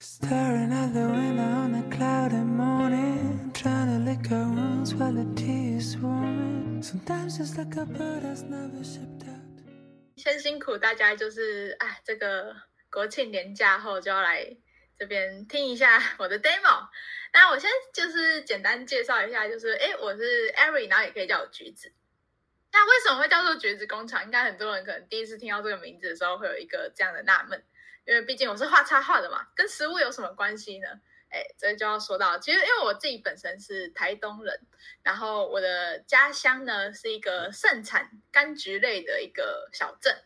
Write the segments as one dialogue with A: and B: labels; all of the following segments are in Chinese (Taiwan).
A: 先辛苦大家，就是哎，這個國慶連假後就要來這邊聽一下我的 demo。那我先就是簡單介紹一下，就是哎、欸，我是 Aery 然後也可以叫我橘子。那為什麼會叫做橘子工廠？應該很多人可能第一次聽到這個名字的時候，會有一個這樣的納悶。因為畢竟我是畫插畫的嘛，跟食物有什麼關係呢？誒，這就要說到，其實因為我自己本身是台東人，然後我的家鄉呢是一個盛產柑橘類的一個小鎮，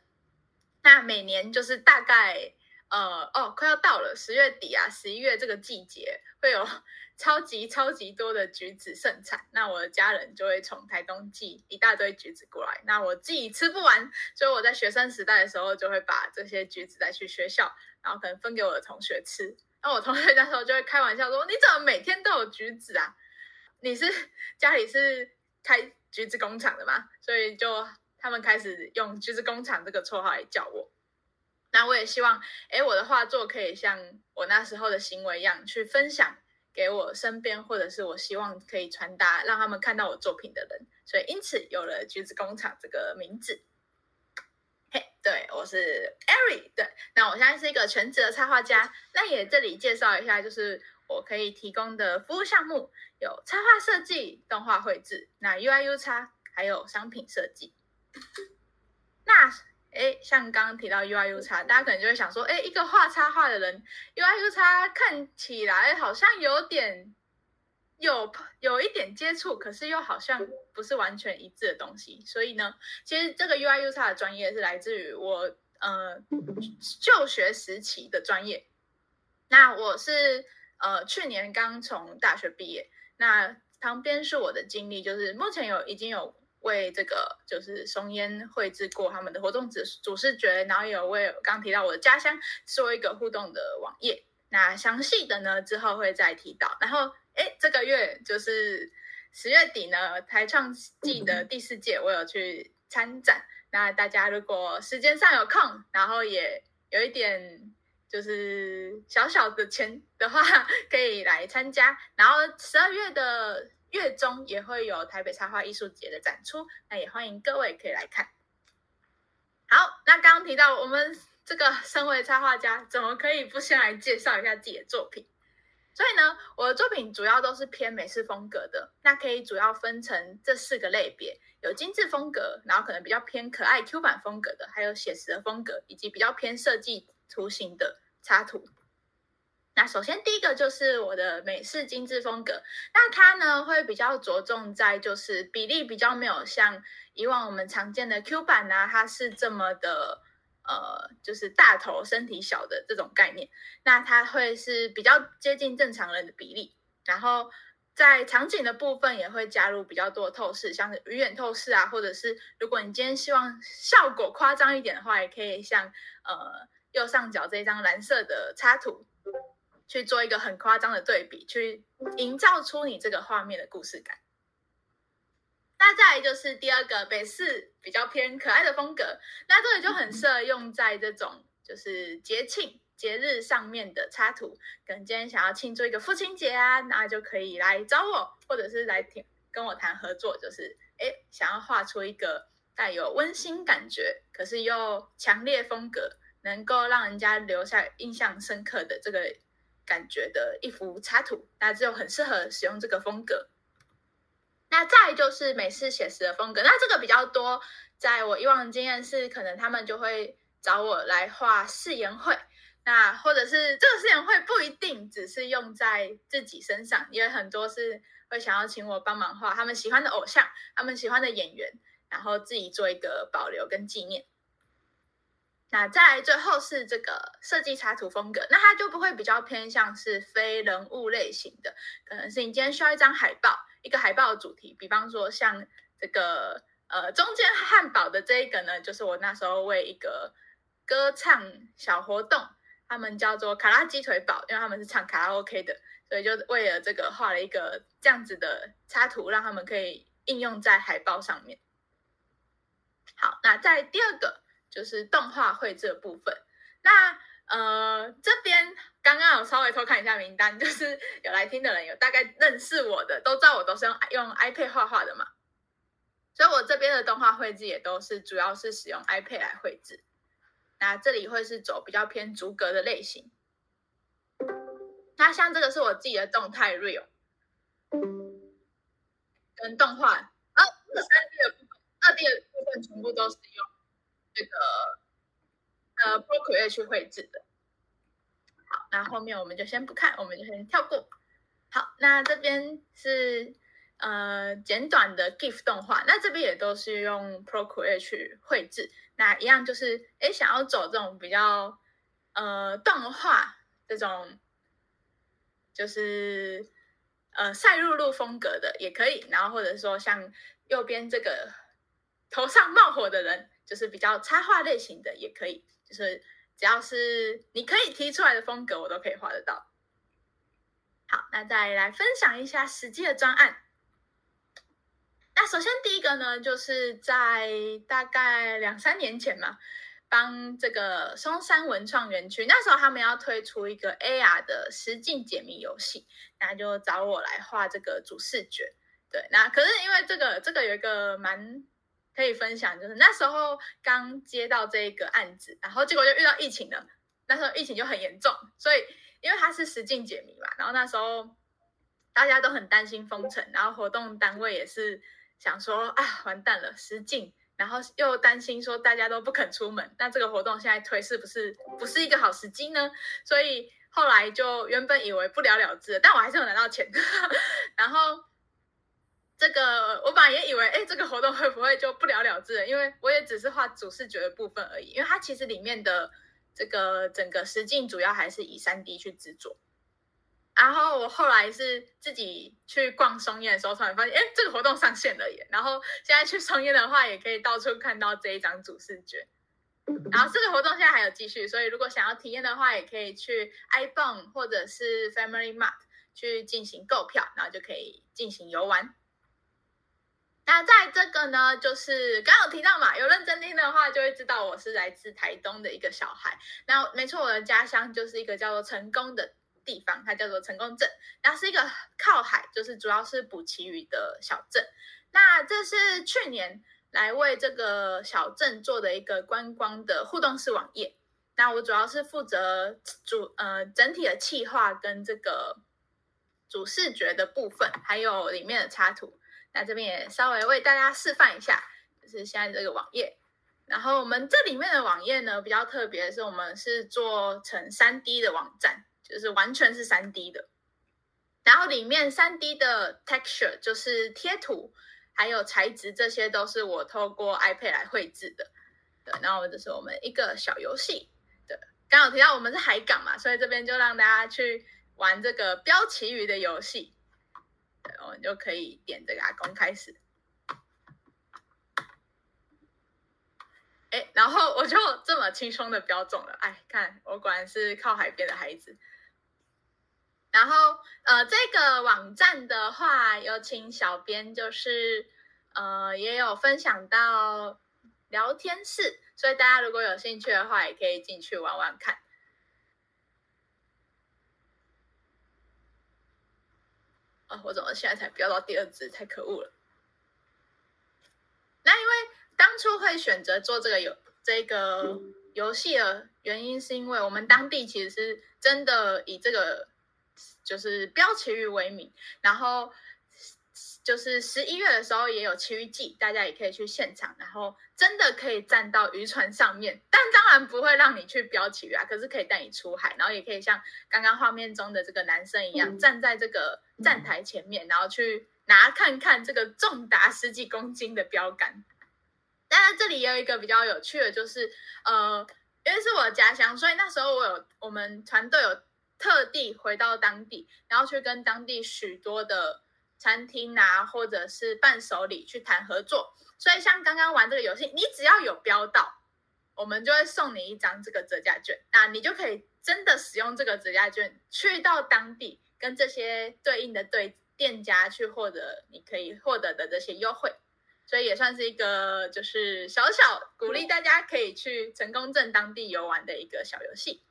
A: 那每年就是大概呃哦快要到了十月底啊，十一月這個季節會有。超級超級多的橘子盛產，那我的家人就會從台東寄一大堆橘子過來。那我自己吃不完，所以我在學生時代的時候就會把這些橘子帶去學校，然後可能分給我的同學吃。那我同學那時候就會開玩笑說：“你怎麼每天都有橘子啊？你是家裡是開橘子工廠的嗎？”所以就他們開始用“橘子工廠”這個綽號來叫我。那我也希望，哎，我的畫作可以像我那時候的行為一樣去分享。給我身邊或者是我希望可以傳達，讓他們看到我作品的人，所以因此有了橘子工廠這個名字。嘿、hey，對，我是 Aery，對，那我現在是一個全職的插畫家。那也這裡介紹一下，就是我可以提供的服務項目有插畫設計、動畫繪製、那 UIUX，還有商品設計。那。誒，像剛剛提到 UI/UX，大家可能就會想說，誒，一個畫插畫的人，UI/UX 看起來好像有點有有一點接觸，可是又好像不是完全一致的東西。所以呢，其實這個 UI/UX 的專業是來自於我，呃就學時期的專業。那我是呃去年剛從大學畢業，那旁邊是我的經歷，就是目前有已經有。為這個就是松煙繪製過他們的活動主主視覺，然後也有為剛提到我的家鄉做一個互動的網頁。那詳細的呢之後會再提到。然後哎，這個月就是十月底呢，台創季的第四屆我有去參展。那大家如果時間上有空，然後也有一點就是小小的錢的話，可以來參加。然後十二月的，月中也會有台北插畫藝術節的展出，那也歡迎各位可以來看。好，那剛剛提到我們這個身為插畫家，怎麼可以不先來介紹一下自己的作品？所以呢，我的作品主要都是偏美式風格的，那可以主要分成這四個類別：有精緻風格，然後可能比較偏可愛 Q 版風格的，還有寫實的風格，以及比較偏設計圖形的插圖。那首先第一個就是我的美式精致風格，那它呢會比較着重在，就是比例比較沒有像以往我們常見的 Q 版啊，它是這麼的呃，就是大頭身體小的這種概念，那它會是比較接近正常人的比例，然後在場景的部分也會加入比較多透視，像是魚眼透視啊，或者是如果你今天希望效果誇張一點的話，也可以像呃右上角這一張藍色的插圖。去做一個很誇張的對比，去營造出你這個畫面的故事感。那再來就是第二個，北四比較偏可愛的風格，那這裡就很適合用在這種就是節慶節日上面的插圖。可能今天想要慶祝一個父親節啊，那就可以來找我，或者是來聽跟我談合作，就是哎、欸、想要畫出一個帶有溫馨感覺，可是又強烈風格，能夠讓人家留下印象深刻的這個。感覺的一幅插圖，那就很適合使用這個風格。那再就是美式寫實的風格，那這個比較多。在我以往經驗是，可能他們就會找我來畫似顏繪，那或者是這個似顏繪不一定只是用在自己身上，也有很多是會想要請我幫忙畫他們喜歡的偶像、他們喜歡的演員，然後自己做一個保留跟紀念。那再最後是這個設計插圖風格，那它就不會比較偏向是非人物類型的，可能是你今天需要一張海報，一個海報的主題，比方說像這個呃中間漢堡的這一個呢，就是我那時候為一個歌唱小活動，他們叫做卡拉雞腿堡，因為他們是唱卡拉 OK 的，所以就為了這個畫了一個這樣子的插圖，讓他們可以應用在海報上面。好，那在第二個。就是動畫繪製的部分。那呃，這邊剛剛有稍微偷看一下名單，就是有來聽的人，有大概認識我的，都知道我都是用用 iPad 畫畫的嘛。所以我這邊的動畫繪製也都是，主要是使用 iPad 來繪製。那這裡會是走比較偏逐格的類型。那像這個是我自己的動態 Real，跟動畫，二二三 D 的部分，二 D 的部分全部都是用。這個呃，Procreate 去繪製的。好，那後面我們就先不看，我們就先跳過。好，那這邊是呃簡短的 GIF 動畫，那這邊也都是用 Procreate 去繪製。那一樣就是，哎，想要走這種比較呃動畫這種，就是呃賽璐璐風格的也可以。然後或者說像右邊這個頭上冒火的人。就是比較插畫類型的也可以，就是只要是你可以提出來的風格，我都可以畫得到。好，那再來分享一下實際的專案。那首先第一個呢，就是在大概兩三年前嘛，幫這個松山文創園區，那時候他們要推出一個 AR 的實境解謎遊戲，那就找我來畫這個主視覺。對，那可是因為這個這個有一個蠻。可以分享，就是那時候剛接到這個案子，然後結果就遇到疫情了。那時候疫情就很嚴重，所以因為它是實境解謎嘛，然後那時候大家都很擔心封城，然後活動單位也是想說啊，完蛋了，實境！然後又擔心說大家都不肯出門，那這個活動現在推是不是不是一個好時機呢？所以後來就原本以為不了了之了，但我還是有拿到錢，呵呵，然後。這個我本來也以為，哎，這個活動會不會就不了了之了？因為我也只是畫主視覺的部分而已。因為它其實裡面的這個整個實境主要還是以 3D 去製作。然後我後來是自己去逛松菸的時候，突然發現，哎，這個活動上線了耶！然後現在去松菸的話，也可以到處看到這一張主視覺。然後這個活動現在還有繼續，所以如果想要體驗的話，也可以去 ibon 或者是 Family Mart 去進行購票，然後就可以進行遊玩。那在這個呢，就是剛剛有提到嘛，有認真聽的話，就會知道我是來自台東的一個小孩。那沒錯，我的家鄉就是一個叫做成功的地方，它叫做成功鎮，然後是一個靠海，就是主要是捕旗魚的小鎮。那這是去年來為這個小鎮做的一個觀光的互動式網頁。那我主要是負責主呃整體的企劃跟這個主視覺的部分，還有裡面的插圖。那這邊也稍微為大家示範一下，就是現在這個網頁。然後我們這裡面的網頁呢，比較特別的是，我們是做成 3D 的網站，就是完全是 3D 的。然後裡面 3D 的 texture 就是貼圖，還有材質，這些都是我透過 iPad 來繪製的。對，然後這是我們一個小遊戲。對，剛好提到我們是海港嘛，所以這邊就讓大家去玩這個標旗魚的遊戲。我們就可以點這個阿公開始，哎，然後我就這麼輕鬆的標中了，哎，看，我果然是靠海邊的孩子。然後呃，這個網站的話，有請小編就是呃也有分享到聊天室，所以大家如果有興趣的話，也可以進去玩玩看。啊、哦！我怎麼現在才鏢到第二隻？太可惡了！那因為當初會選擇做這個遊這個遊戲的原因，是因為我們當地其實是真的以這個就是鏢旗魚為名，然後。就是十一月的時候也有旗魚季，大家也可以去現場，然後真的可以站到漁船上面，但當然不會讓你去鏢旗魚，可是可以帶你出海，然後也可以像剛剛畫面中的這個男生一樣，站在這個站台前面，然後去拿看看這個重達十幾公斤的鏢竿。當然，這裡也有一個比較有趣的，就是呃，因為是我的家鄉，所以那時候我有我們團隊有特地回到當地，然後去跟當地許多的。餐廳啊，或者是伴手禮去談合作，所以像剛剛玩這個遊戲，你只要有標到，我們就會送你一張這個折價券，那你就可以真的使用這個折價券去到當地跟這些對應的對店家去獲得你可以獲得的這些優惠，所以也算是一個就是小小鼓勵大家可以去成功鎮當地遊玩的一個小遊戲。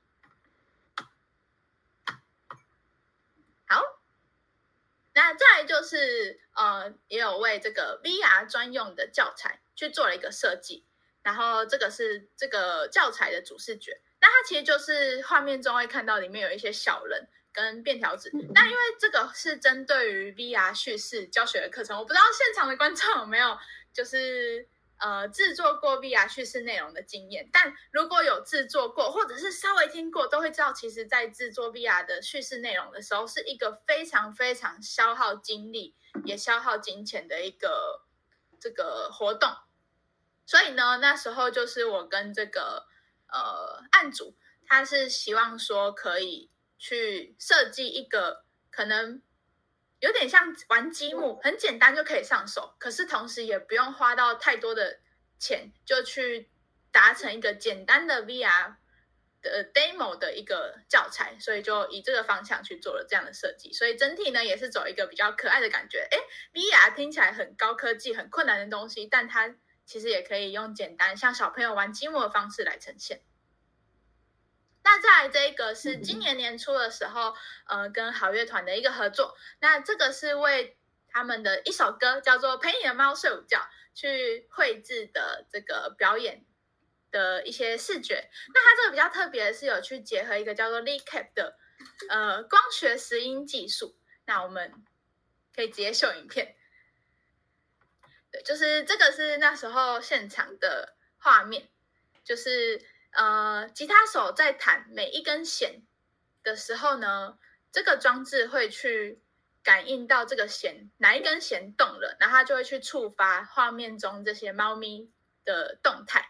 A: 那再來就是，呃，也有為這個 VR 專用的教材去做了一個設計，然後這個是這個教材的主視覺，那它其實就是畫面中會看到裡面有一些小人跟便條紙， 那因為這個是針對於 VR 敘事教學的課程，我不知道現場的觀眾有沒有就是。呃，製作過 VR 敘事內容的經驗，但如果有製作過，或者是稍微聽過，都會知道，其實在製作 VR 的敘事內容的時候，是一個非常非常消耗精力也消耗金錢的一個這個活動。所以呢，那時候就是我跟這個呃案主，他是希望說可以去設計一個可能。有點像玩積木，很簡單就可以上手，可是同時也不用花到太多的錢就去達成一個簡單的 VR 的 demo 的一個教材，所以就以這個方向去做了這樣的設計。所以整體呢也是走一個比較可愛的感覺。哎，VR 聽起來很高科技、很困難的東西，但它其實也可以用簡單像小朋友玩積木的方式來呈現。那再來這一個是今年年初的時候，呃，跟好樂團的一個合作。那這個是為他們的一首歌叫做《陪你的貓睡午覺》去繪製的這個表演的一些視覺。那它這個比較特別的是有去結合一個叫做 lecap 的呃光學拾音技術。那我們可以直接秀影片，對，就是這個是那時候現場的畫面，就是。呃，吉他手在彈每一根弦的時候呢，這個裝置會去感應到這個弦，哪一根弦動了，然後它就會去觸發畫面中這些貓咪的動態。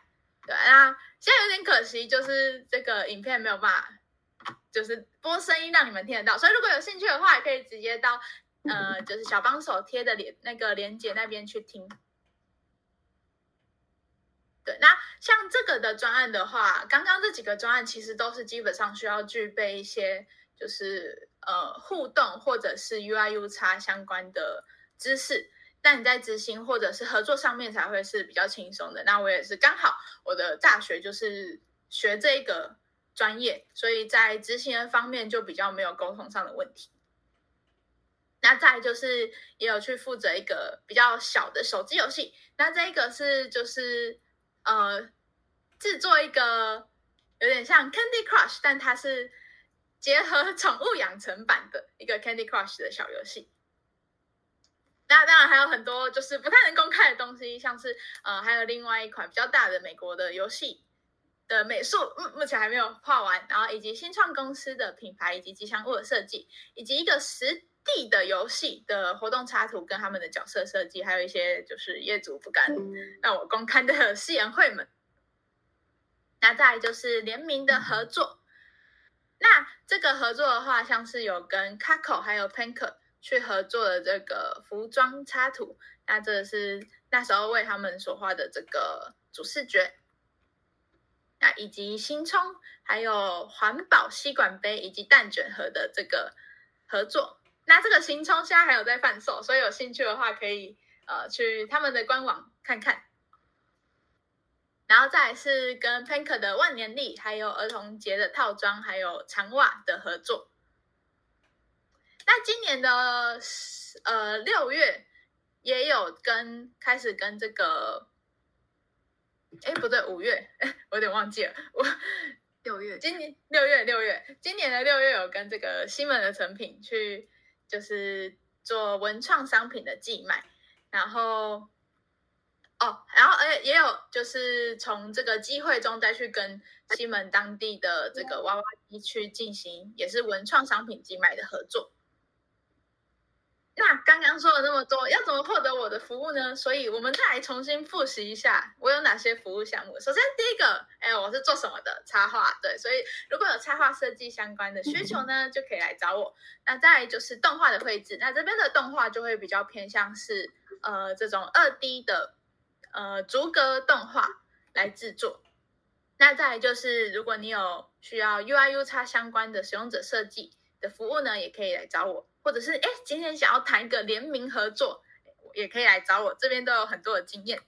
A: 對啊，現在有點可惜，就是這個影片沒有辦法，就是播聲音讓你們聽得到。所以如果有興趣的話，也可以直接到呃，就是小幫手貼的連那個連接那邊去聽。對，那像這個的專案的話，剛剛這幾個專案其實都是基本上需要具備一些，就是呃互動或者是 UI UX 相關的知識，但你在執行或者是合作上面才會是比較輕鬆的。那我也是剛好我的大學就是學這一個專業，所以在執行的方面就比較沒有溝通上的問題。那再就是也有去負責一個比較小的手機遊戲，那這一個是就是。呃，製作一個有點像 Candy Crush，但它是結合寵物養成版的一個 Candy Crush 的小遊戲。那當然還有很多就是不太能公開的東西，像是呃，還有另外一款比較大的美國的遊戲的美術，目、嗯、目前還沒有畫完。然後以及新創公司的品牌以及吉祥物的設計，以及一個實體 D 的遊戲的活動插圖跟他們的角色設計，還有一些就是業主不敢讓我公開的似顏繪們。那再就是聯名的合作。那這個合作的話，像是有跟 Caco 還有 Pinker 去合作的這個服裝插圖。那這個是那時候為他們所畫的這個主視覺。那以及新沖還有環保吸管杯以及蛋卷盒的這個合作。那這個青蔥現在還有在販售，所以有興趣的話可以呃去他們的官網看看。然後再來是跟 PINK、er、的萬年曆，還有兒童節的套裝，還有長襪的合作。那今年的呃六月也有跟開始跟這個，哎不對五月，哎我有點忘記了，我六月今年六月六月今年的六月有跟這個西門的成品去。就是做文創商品的寄賣，然後，哦，然後，哎，也有就是從這個機會中再去跟西門當地的這個娃娃機去進行，也是文創商品寄賣的合作。那剛剛說了那麼多，要怎麼獲得我的服務呢？所以，我們再來重新複習一下我有哪些服務項目。首先，第一個。是做什麼的插畫？對，所以如果有插畫設計相關的需求呢，就可以來找我。那再就是動畫的繪製，那這邊的動畫就會比較偏向是呃這種 2D 的呃逐格動畫來制作。那再就是如果你有需要 UI、UX 相關的使用者設計的服務呢，也可以來找我。或者是哎今天想要談一個聯名合作，也可以來找我，這邊都有很多的經驗。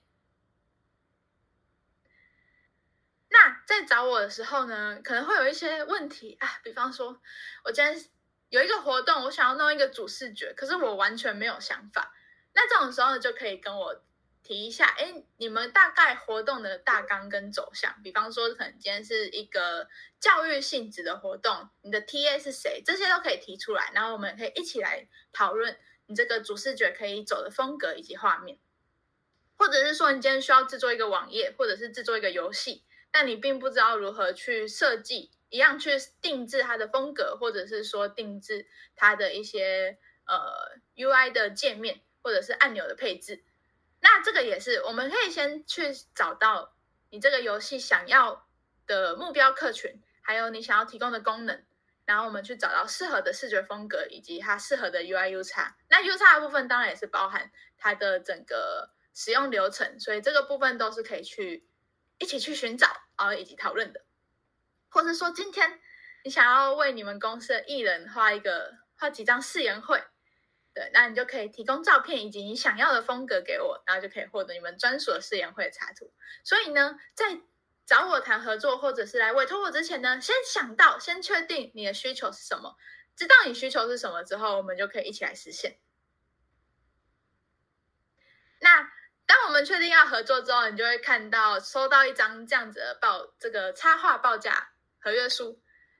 A: 那在找我的時候呢，可能會有一些問題啊，比方說，我今天有一個活動，我想要弄一個主視覺，可是我完全沒有想法。那這種時候就可以跟我提一下，哎，你們大概活動的大綱跟走向，比方說，可能今天是一個教育性質的活動，你的 TA 是誰，這些都可以提出來，然後我們可以一起來討論你這個主視覺可以走的風格以及畫面，或者是說，你今天需要制作一個網頁，或者是制作一個遊戲。但你並不知道如何去設計，一樣去定製它的風格，或者是說定製它的一些呃 UI 的界面，或者是按鈕的配置。那這個也是，我們可以先去找到你這個遊戲想要的目標客群，還有你想要提供的功能，然後我們去找到適合的視覺風格，以及它適合的 UI、UX。那 UX 的部分當然也是包含它的整個使用流程，所以這個部分都是可以去。一起去尋找，然後一起討論的，或者說今天你想要為你們公司的藝人畫一個畫幾張似顏繪，對，那你就可以提供照片以及你想要的風格給我，然後就可以獲得你們專屬的似顏繪的插圖。所以呢，在找我談合作或者是來委託我之前呢，先想到，先確定你的需求是什麼，知道你需求是什麼之後，我們就可以一起來實現。那。當我們確定要合作之後，你就會看到收到一張這樣子的報，這個插畫報價合約書。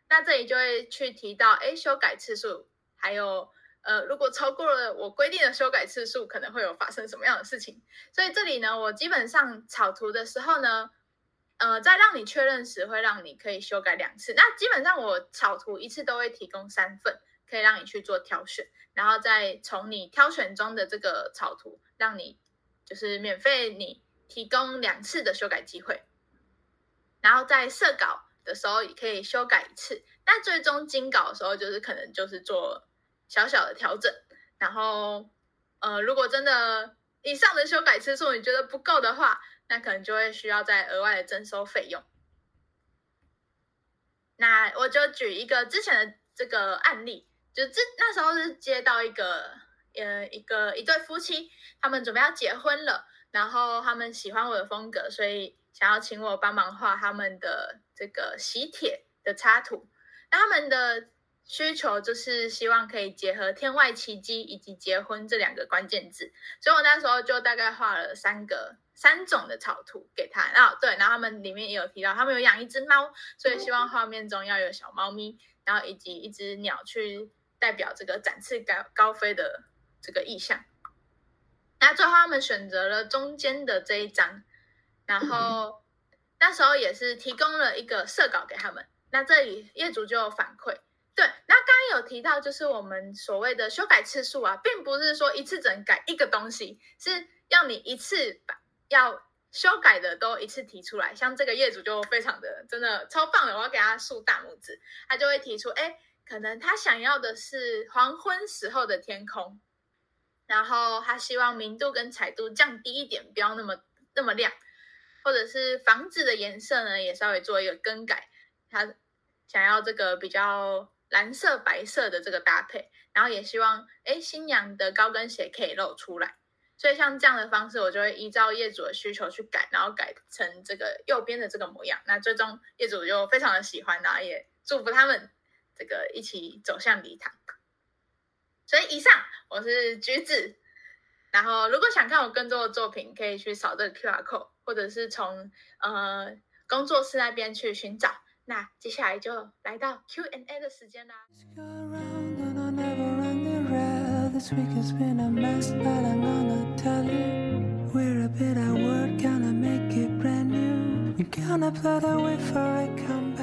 A: 那這裡就會去提到，哎，修改次數，還有，呃，如果超過了我規定的修改次數，可能會有發生什麼樣的事情。所以這裡呢，我基本上草圖的時候呢，呃，在讓你確認時，會讓你可以修改兩次。那基本上我草圖一次都會提供三份，可以讓你去做挑選，然後再從你挑選中的這個草圖，讓你。就是免費，你提供兩次的修改機會，然後在設稿的時候也可以修改一次，那最終精稿的時候就是可能就是做小小的調整，然後呃，如果真的以上的修改次數你覺得不夠的話，那可能就會需要再額外的徵收費用。那我就舉一個之前的這個案例，就之，那時候是接到一個。呃，一個一對夫妻，他們準備要結婚了，然後他們喜歡我的風格，所以想要請我幫忙畫他們的這個喜帖的插圖。那他們的需求就是希望可以結合天外奇蹟以及結婚這兩個關鍵字，所以我那時候就大概畫了三個三種的草圖給他。然後對，然後他們裡面也有提到，他們有養一隻貓，所以希望畫面中要有小貓咪，然後以及一隻鳥去代表這個展翅高高飛的這個意向，那最後他們選擇了中間的這一張，然後那時候也是提供了一個色稿給他們。那這裡業主就有反饋，對，那剛剛有提到就是我們所謂的修改次數啊，並不是說一次只能改一個東西，是要你一次把要修改的都一次提出來。像這個業主就非常的真的超棒的，我要給他豎大拇指。他就會提出，哎，可能他想要的是黃昏時候的天空。然後他希望明度跟彩度降低一點，不要那麼那麼亮，或者是房子的顏色呢，也稍微做一個更改。他想要這個比較藍色白色的這個搭配，然後也希望哎，新娘的高跟鞋可以露出來。所以像這樣的方式，我就會依照業主的需求去改，然後改成這個右邊的這個模樣。那最終業主就非常的喜歡，然後也祝福他們這個一起走向禮堂。所以以上我是橘子。然後如果想看我更多的作品，可以去掃這個 QR code，或者是從呃工作室那邊去尋找。那接下來就來到 Q&A 的時間啦。